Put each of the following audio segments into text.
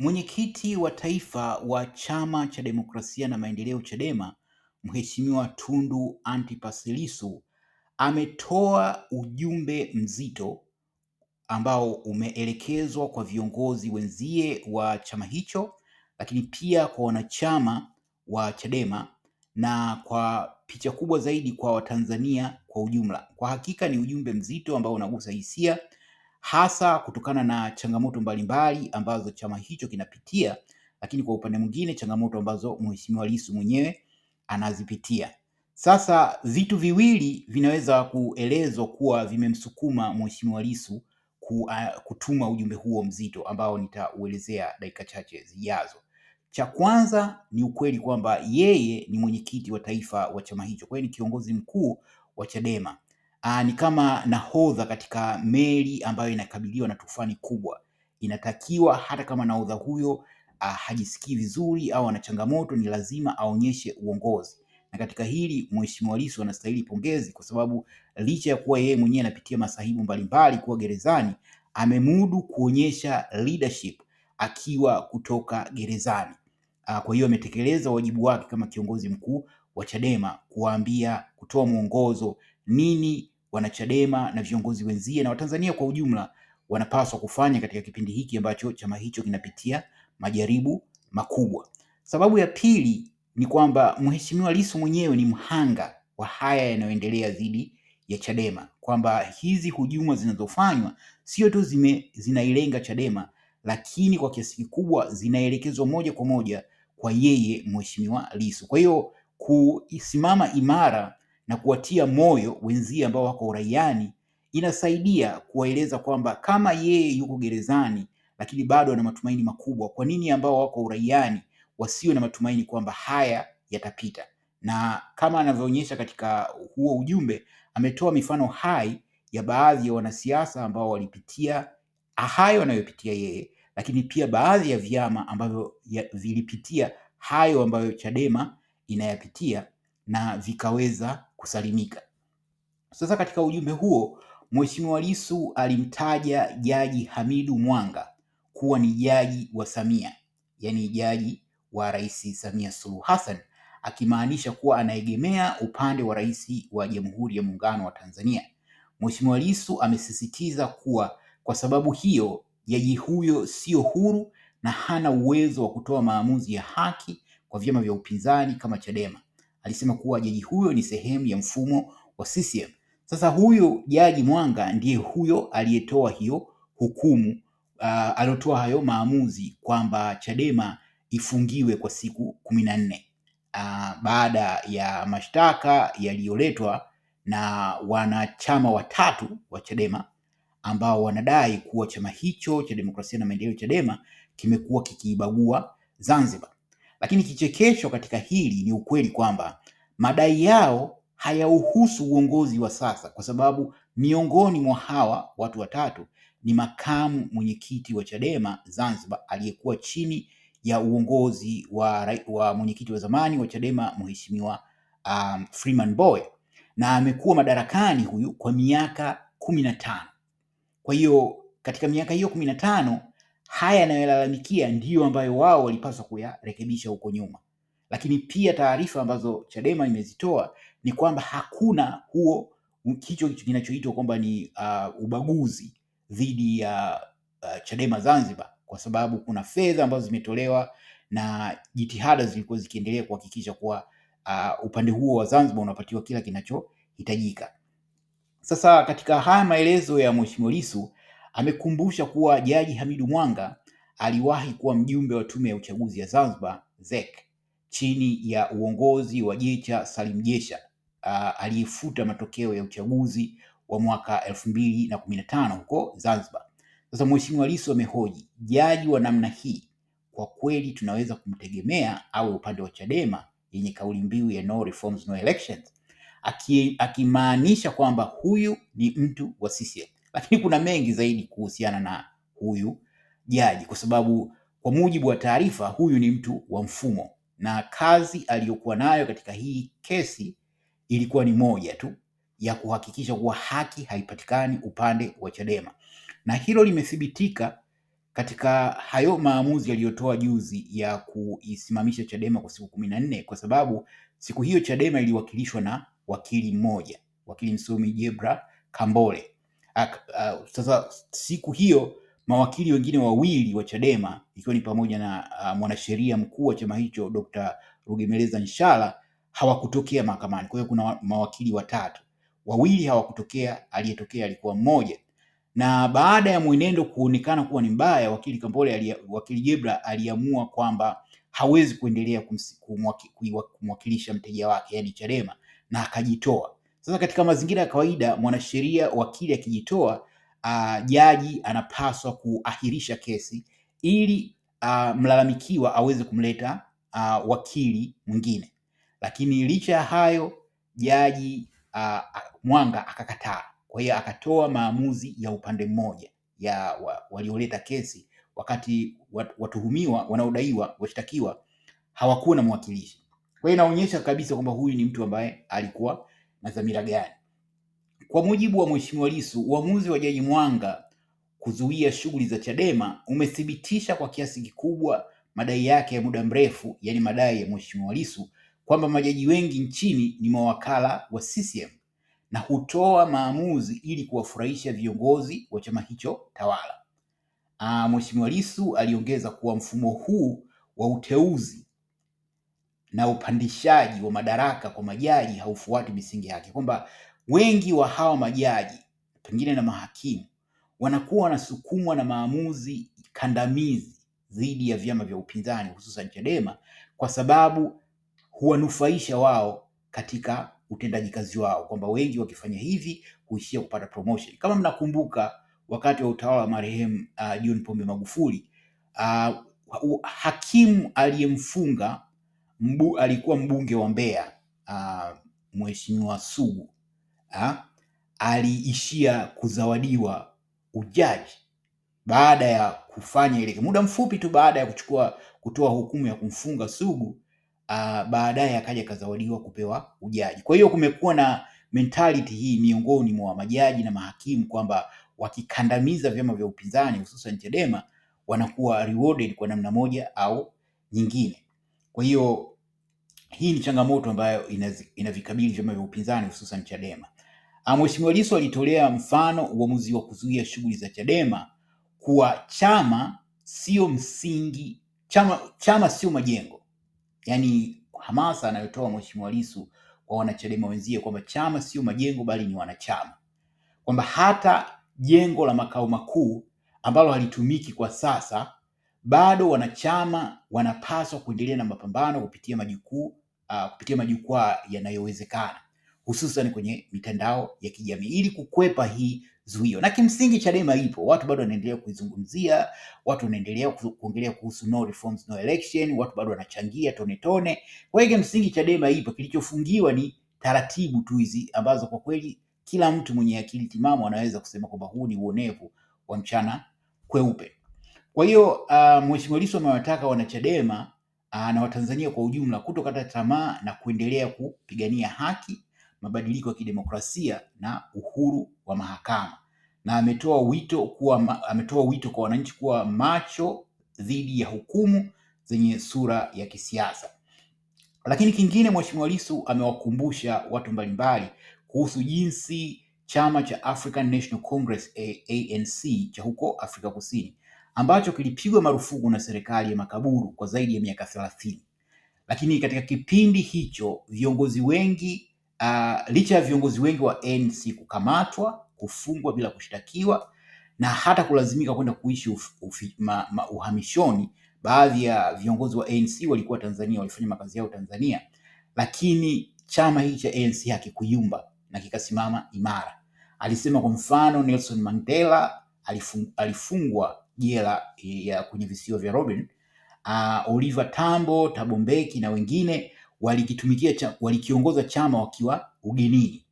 Mwenyekiti wa Taifa wa Chama cha Demokrasia na Maendeleo Chadema, Mheshimiwa Tundu Antipas Lissu ametoa ujumbe mzito ambao umeelekezwa kwa viongozi wenzie wa chama hicho, lakini pia kwa wanachama wa Chadema na kwa picha kubwa zaidi kwa Watanzania kwa ujumla. Kwa hakika ni ujumbe mzito ambao unagusa hisia hasa kutokana na changamoto mbalimbali ambazo chama hicho kinapitia, lakini kwa upande mwingine changamoto ambazo Mheshimiwa Lissu mwenyewe anazipitia. Sasa vitu viwili vinaweza kuelezwa kuwa vimemsukuma Mheshimiwa Lissu kutuma ujumbe huo mzito ambao nitauelezea dakika chache zijazo. Cha kwanza ni ukweli kwamba yeye ni mwenyekiti wa taifa wa chama hicho, kwa hiyo ni kiongozi mkuu wa Chadema. Aa, ah, ni kama nahodha katika meli ambayo inakabiliwa na tufani kubwa. Inatakiwa hata kama nahodha huyo ah, hajisikii vizuri au ana changamoto, ni lazima aonyeshe uongozi, na katika hili Mheshimiwa Lissu anastahili pongezi, kwa sababu licha ya kuwa yeye mwenyewe anapitia masahibu mbalimbali kuwa gerezani, amemudu kuonyesha leadership akiwa kutoka gerezani. Ah, kwa hiyo ametekeleza wajibu wake kama kiongozi mkuu wa Chadema kuwaambia, kutoa mwongozo nini wanachadema na viongozi wenzie na Watanzania kwa ujumla wanapaswa kufanya katika kipindi hiki ambacho chama hicho kinapitia majaribu makubwa. Sababu ya pili ni kwamba Mheshimiwa Lissu mwenyewe ni mhanga wa haya yanayoendelea dhidi ya Chadema, kwamba hizi hujuma zinazofanywa sio tu zime zinailenga Chadema, lakini kwa kiasi kikubwa zinaelekezwa moja kwa moja kwa yeye Mheshimiwa Lissu. Kwa hiyo kusimama imara na kuwatia moyo wenzie ambao wako uraiani, inasaidia kuwaeleza kwamba kama yeye yuko gerezani lakini bado ana matumaini makubwa, kwa nini ambao wako uraiani wasio na matumaini kwamba haya yatapita? Na kama anavyoonyesha katika huo ujumbe, ametoa mifano hai ya baadhi ya wanasiasa ambao walipitia hayo anayopitia yeye, lakini pia baadhi ya vyama ambavyo vilipitia hayo ambayo Chadema inayapitia na vikaweza kusalimika. Sasa katika ujumbe huo Mheshimiwa Lissu alimtaja Jaji Hamidu Mwanga kuwa ni jaji wa Samia, yaani jaji wa Rais Samia Suluhu Hassan, akimaanisha kuwa anaegemea upande wa Rais wa Jamhuri ya Muungano wa Tanzania. Mheshimiwa Lissu amesisitiza kuwa kwa sababu hiyo jaji huyo sio huru na hana uwezo wa kutoa maamuzi ya haki kwa vyama vya upinzani kama Chadema. Alisema kuwa jaji huyo ni sehemu ya mfumo wa CCM. Sasa huyo jaji Mwanga ndiye huyo aliyetoa hiyo hukumu uh, aliotoa hayo maamuzi kwamba Chadema ifungiwe kwa siku kumi na nne uh, baada ya mashtaka yaliyoletwa na wanachama watatu wa Chadema ambao wanadai kuwa chama hicho cha demokrasia na maendeleo Chadema kimekuwa kikiibagua Zanzibar. Lakini kichekesho katika hili ni ukweli kwamba madai yao hayauhusu uongozi wa sasa, kwa sababu miongoni mwa hawa watu watatu ni makamu mwenyekiti wa Chadema Zanzibar aliyekuwa chini ya uongozi wa, wa mwenyekiti wa zamani wa Chadema Mheshimiwa um, Freeman Boy na amekuwa madarakani huyu kwa miaka kumi na tano. Kwa hiyo katika miaka hiyo kumi na tano haya yanayolalamikia ndiyo ambayo wao walipaswa kuyarekebisha huko nyuma, lakini pia taarifa ambazo Chadema imezitoa ni kwamba hakuna huo kicho kinachoitwa kwamba ni uh, ubaguzi dhidi ya uh, Chadema Zanzibar, kwa sababu kuna fedha ambazo zimetolewa na jitihada zilikuwa zikiendelea kuhakikisha kuwa uh, upande huo wa Zanzibar unapatiwa kila kinachohitajika. Sasa katika haya maelezo ya Mheshimiwa Lissu amekumbusha kuwa Jaji Hamidu Mwanga aliwahi kuwa mjumbe wa Tume ya Uchaguzi ya Zanzibar ZEC chini ya uongozi wa Jecha Salim Jecha uh, aliyefuta matokeo ya uchaguzi wa mwaka elfu mbili na kumi na tano huko Zanzibar. Sasa Mheshimiwa Lissu amehoji, jaji wa namna hii kwa kweli tunaweza kumtegemea awe upande wa Chadema yenye kauli mbiu ya no reforms no elections, akimaanisha kwamba huyu ni mtu wa CCM lakini kuna mengi zaidi kuhusiana na huyu jaji, kwa sababu kwa mujibu wa taarifa, huyu ni mtu wa mfumo na kazi aliyokuwa nayo katika hii kesi ilikuwa ni moja tu ya kuhakikisha kuwa haki haipatikani upande wa Chadema, na hilo limethibitika katika hayo maamuzi yaliyotoa juzi ya kuisimamisha Chadema kwa siku kumi na nne kwa sababu siku hiyo Chadema iliwakilishwa na wakili mmoja, wakili msomi Jebra Kambole uh, sasa siku hiyo mawakili wengine wawili wa Chadema ikiwa ni pamoja na uh, mwanasheria mkuu wa chama hicho Dr. Rugemeleza Nshala hawakutokea mahakamani. Kwa hiyo kuna mawakili watatu, wawili hawakutokea, aliyetokea alikuwa mmoja. Na baada ya mwenendo kuonekana kuwa ni mbaya, wakili Kambole alia, wakili Jebra aliamua kwamba hawezi kuendelea kumwakilisha mteja wake, yani Chadema, na akajitoa. Sasa katika mazingira ya kawaida, mwanasheria, wakili akijitoa, uh, jaji anapaswa kuahirisha kesi ili uh, mlalamikiwa aweze kumleta uh, wakili mwingine, lakini licha ya hayo jaji uh, Mwanga akakataa. Kwa hiyo akatoa maamuzi ya upande mmoja ya wa, walioleta kesi, wakati wat, watuhumiwa wanaodaiwa washtakiwa hawakuwa na mwakilishi. Kwa hiyo inaonyesha kabisa kwamba huyu ni mtu ambaye alikuwa na dhamira gani? Kwa mujibu wa Mheshimiwa Lissu, uamuzi wa Jaji Mwanga kuzuia shughuli za Chadema umethibitisha kwa kiasi kikubwa madai yake ya muda mrefu, yaani madai ya Mheshimiwa Lissu kwamba majaji wengi nchini ni mawakala wa CCM na hutoa maamuzi ili kuwafurahisha viongozi wa chama hicho tawala. Ah, Mheshimiwa Lissu aliongeza kuwa mfumo huu wa uteuzi na upandishaji wa madaraka kwa majaji haufuati misingi yake, kwamba wengi wa hawa majaji pengine na mahakimu wanakuwa wanasukumwa na maamuzi kandamizi dhidi ya vyama vya upinzani hususan Chadema kwa sababu huwanufaisha wao katika utendaji kazi wao, kwamba wengi wakifanya hivi huishia kupata promotion. Kama mnakumbuka wakati wa utawala wa marehemu uh, John Pombe Magufuli uh, hakimu aliyemfunga mbu, alikuwa mbunge wa Mbeya uh, Mheshimiwa Sugu uh, aliishia kuzawadiwa ujaji baada ya kufanya ile, muda mfupi tu baada ya kuchukua kutoa hukumu ya kumfunga Sugu. Uh, baadaye akaja akazawadiwa kupewa ujaji. Kwa hiyo kumekuwa na mentality hii miongoni mwa majaji na mahakimu kwamba wakikandamiza vyama vya upinzani hususan Chadema wanakuwa rewarded kwa namna moja au nyingine. Kwa hiyo hii ni changamoto ambayo inavikabili vyama vya upinzani hususan Chadema. Ah, Mheshimiwa Lissu alitolea mfano uamuzi wa kuzuia shughuli za Chadema kuwa chama sio msingi, chama chama sio majengo, yaani hamasa anayotoa Mheshimiwa Lissu kwa wanachadema wenzie kwamba chama sio majengo bali ni wanachama, kwamba hata jengo la makao makuu ambalo halitumiki kwa sasa bado wanachama wanapaswa kuendelea na mapambano kupitia majukwaa uh, kupitia majukwaa yanayowezekana hususan kwenye mitandao ya kijamii ili kukwepa hii zuio. Na kimsingi Chadema ipo, watu bado wanaendelea kuizungumzia, watu wanaendelea kuongelea kuhusu no reforms no election, watu bado wanachangia tone tone. Kwa hiyo kimsingi Chadema ipo, kilichofungiwa ni taratibu tu hizi ambazo kwa kweli kila mtu mwenye akili timamu anaweza kusema kwamba huu ni uonevu wa mchana kweupe. Kwa hiyo uh, Mheshimiwa Lissu amewataka wanachadema uh, na Watanzania kwa ujumla kutokata tamaa na kuendelea kupigania haki, mabadiliko ya kidemokrasia na uhuru wa mahakama, na ametoa wito kuwa ametoa wito kwa wananchi kuwa macho dhidi ya hukumu zenye sura ya kisiasa. Lakini kingine, Mheshimiwa Lissu amewakumbusha watu mbalimbali kuhusu jinsi chama cha African National Congress ANC cha huko Afrika Kusini ambacho kilipigwa marufuku na serikali ya makaburu kwa zaidi ya miaka thelathini. Lakini katika kipindi hicho viongozi wengi uh, licha ya viongozi wengi wa ANC kukamatwa, kufungwa bila kushtakiwa na hata kulazimika kwenda kuishi uf, uf, ma, ma, uhamishoni. Baadhi ya viongozi wa ANC walikuwa Tanzania, walifanya makazi yao Tanzania, lakini chama hiki cha ANC hakikuyumba na kikasimama imara. Alisema kwa mfano Nelson Mandela alifungwa jela eh, ya kwenye visiwa vya Robben. Uh, ah, Oliver Tambo, tabombeki Mbeki na wengine walikitumikia cha, walikiongoza chama wakiwa ugenini,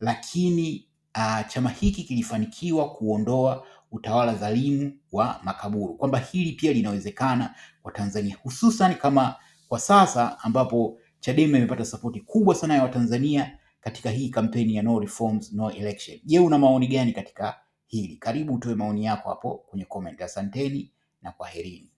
lakini uh, chama hiki kilifanikiwa kuondoa utawala dhalimu wa makaburu, kwamba hili pia linawezekana kwa Tanzania, hususan kama kwa sasa ambapo Chadema imepata sapoti kubwa sana ya Watanzania katika hii kampeni ya no reforms, no election. Je, una maoni gani katika hili. Karibu utoe maoni yako hapo kwenye comment. Asanteni na kwaherini.